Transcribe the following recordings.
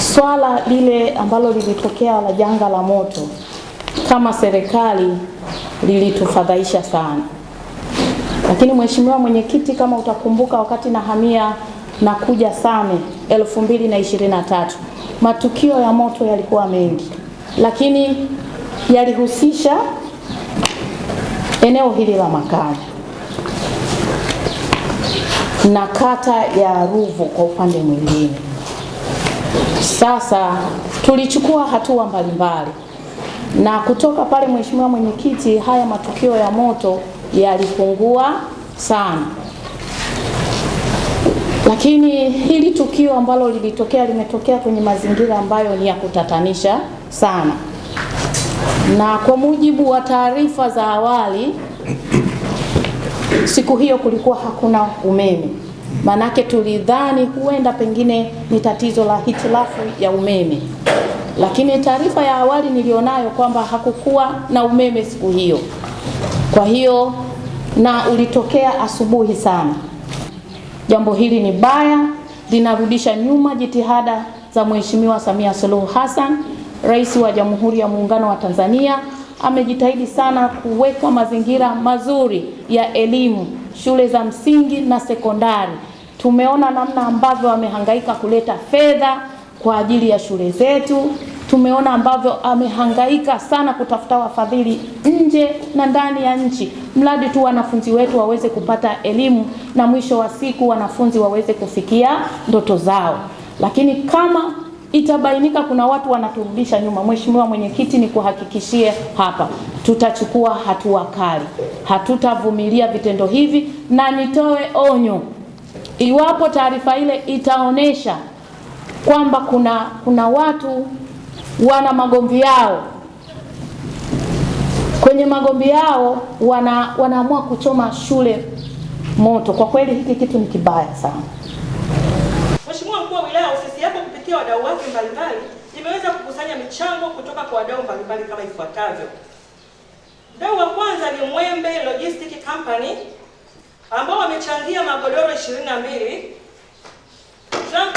swala lile ambalo lilitokea la janga la moto kama serikali lilitufadhaisha sana, lakini mheshimiwa mwenyekiti, kama utakumbuka, wakati nahamia na kuja Same 2023 matukio ya moto yalikuwa mengi, lakini yalihusisha eneo hili la makazi na kata ya Ruvu kwa upande mwingine. Sasa tulichukua hatua mbalimbali na kutoka pale, Mheshimiwa Mwenyekiti, haya matukio ya moto yalipungua sana, lakini hili tukio ambalo lilitokea limetokea kwenye mazingira ambayo ni ya kutatanisha sana, na kwa mujibu wa taarifa za awali, siku hiyo kulikuwa hakuna umeme. Manake tulidhani huenda pengine ni tatizo la hitilafu ya umeme, lakini taarifa ya awali nilionayo kwamba hakukuwa na umeme siku hiyo. Kwa hiyo na ulitokea asubuhi sana. Jambo hili ni baya, linarudisha nyuma jitihada za Mheshimiwa Samia Suluhu Hassan, Rais wa Jamhuri ya Muungano wa Tanzania. Amejitahidi sana kuweka mazingira mazuri ya elimu shule za msingi na sekondari. Tumeona namna ambavyo amehangaika kuleta fedha kwa ajili ya shule zetu. Tumeona ambavyo amehangaika sana kutafuta wafadhili nje na ndani ya nchi, mradi tu wanafunzi wetu waweze kupata elimu na mwisho wa siku wanafunzi waweze kufikia ndoto zao. Lakini kama itabainika kuna watu wanaturudisha nyuma, Mheshimiwa Mwenyekiti, ni kuhakikishie hapa tutachukua hatua kali, hatutavumilia vitendo hivi, na nitoe onyo Iwapo taarifa ile itaonyesha kwamba kuna, kuna watu wana magomvi yao kwenye magomvi yao wana, wanaamua kuchoma shule moto, kwa kweli hiki kitu ni kibaya sana. Mheshimiwa Mkuu wa Wilaya, ofisi yako kupitia wadau wake mbalimbali imeweza kukusanya michango kutoka kwa wadau mbalimbali kama ifuatavyo. Mdau wa kwanza ni Mwembe Logistic Company ambao wamechangia magodoro 22 Trump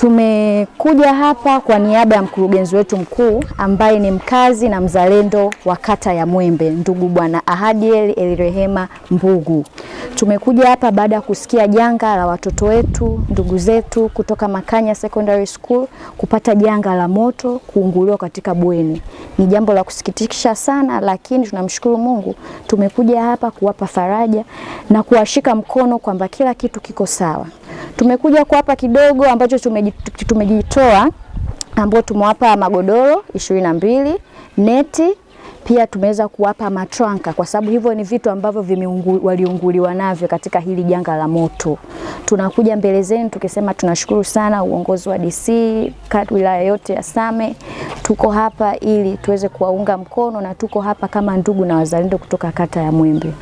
Tumekuja hapa kwa niaba ya mkurugenzi wetu mkuu ambaye ni mkazi na mzalendo wa kata ya Mwembe, ndugu bwana Ahadiel Elirehema Mbugu. Tumekuja hapa baada ya kusikia janga la watoto wetu, ndugu zetu kutoka Makanya Secondary School kupata janga la moto, kuunguliwa katika bweni. Ni jambo la kusikitisha sana, lakini tunamshukuru Mungu, tumekuja hapa kuwapa faraja na kuwashika mkono kwamba kila kitu kiko sawa. Tumekuja kuwapa kidogo ambacho tumejitoa, ambao tumewapa magodoro ishirini na mbili neti pia tumeweza kuwapa matranka kwa sababu hivyo ni vitu ambavyo waliunguliwa navyo katika hili janga la moto. Tunakuja mbele zenu tukisema tunashukuru sana uongozi wa DC wilaya yote ya Same, tuko hapa ili tuweze kuwaunga mkono na tuko hapa kama ndugu na wazalendo kutoka kata ya Mwembe.